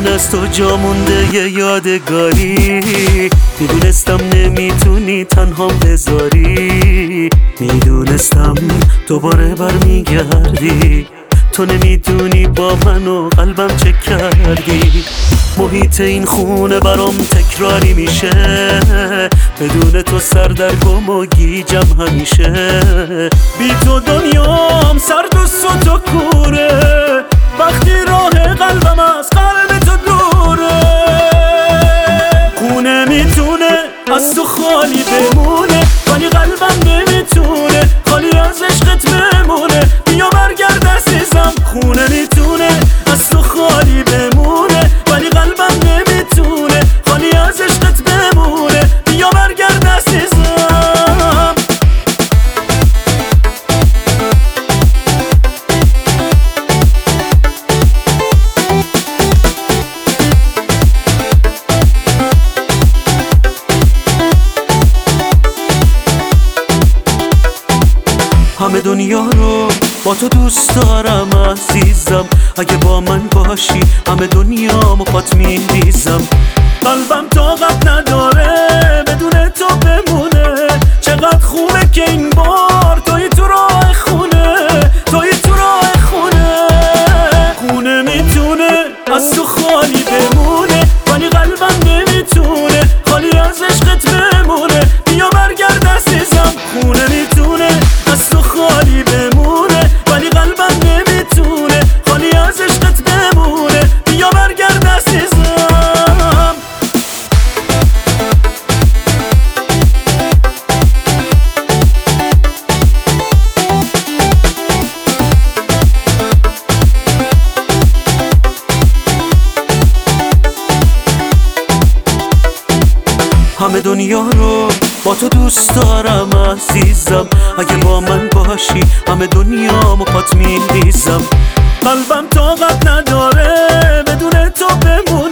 من از تو جا مونده یه یادگاری میدونستم نمیتونی تنها بذاری میدونستم دوباره برمیگردی تو نمیدونی با من و قلبم چه کردی محیط این خونه برام تکراری میشه بدون تو سردرگم و گیجم همیشه بی تو دنیام سرد و سوت و کوره وقتی راه خالی بمونه ولی قلبم نمیتونه همه دنیا رو با تو دوست دارم عزیزم اگه با من باشی همه دنیا مو پات میریزم قلبم طاقت نداره همه دنیا رو با تو دوست دارم عزیزم اگه با من باشی همه دنیا پات میریزم قلبم طاقت نداره بدون تو بمون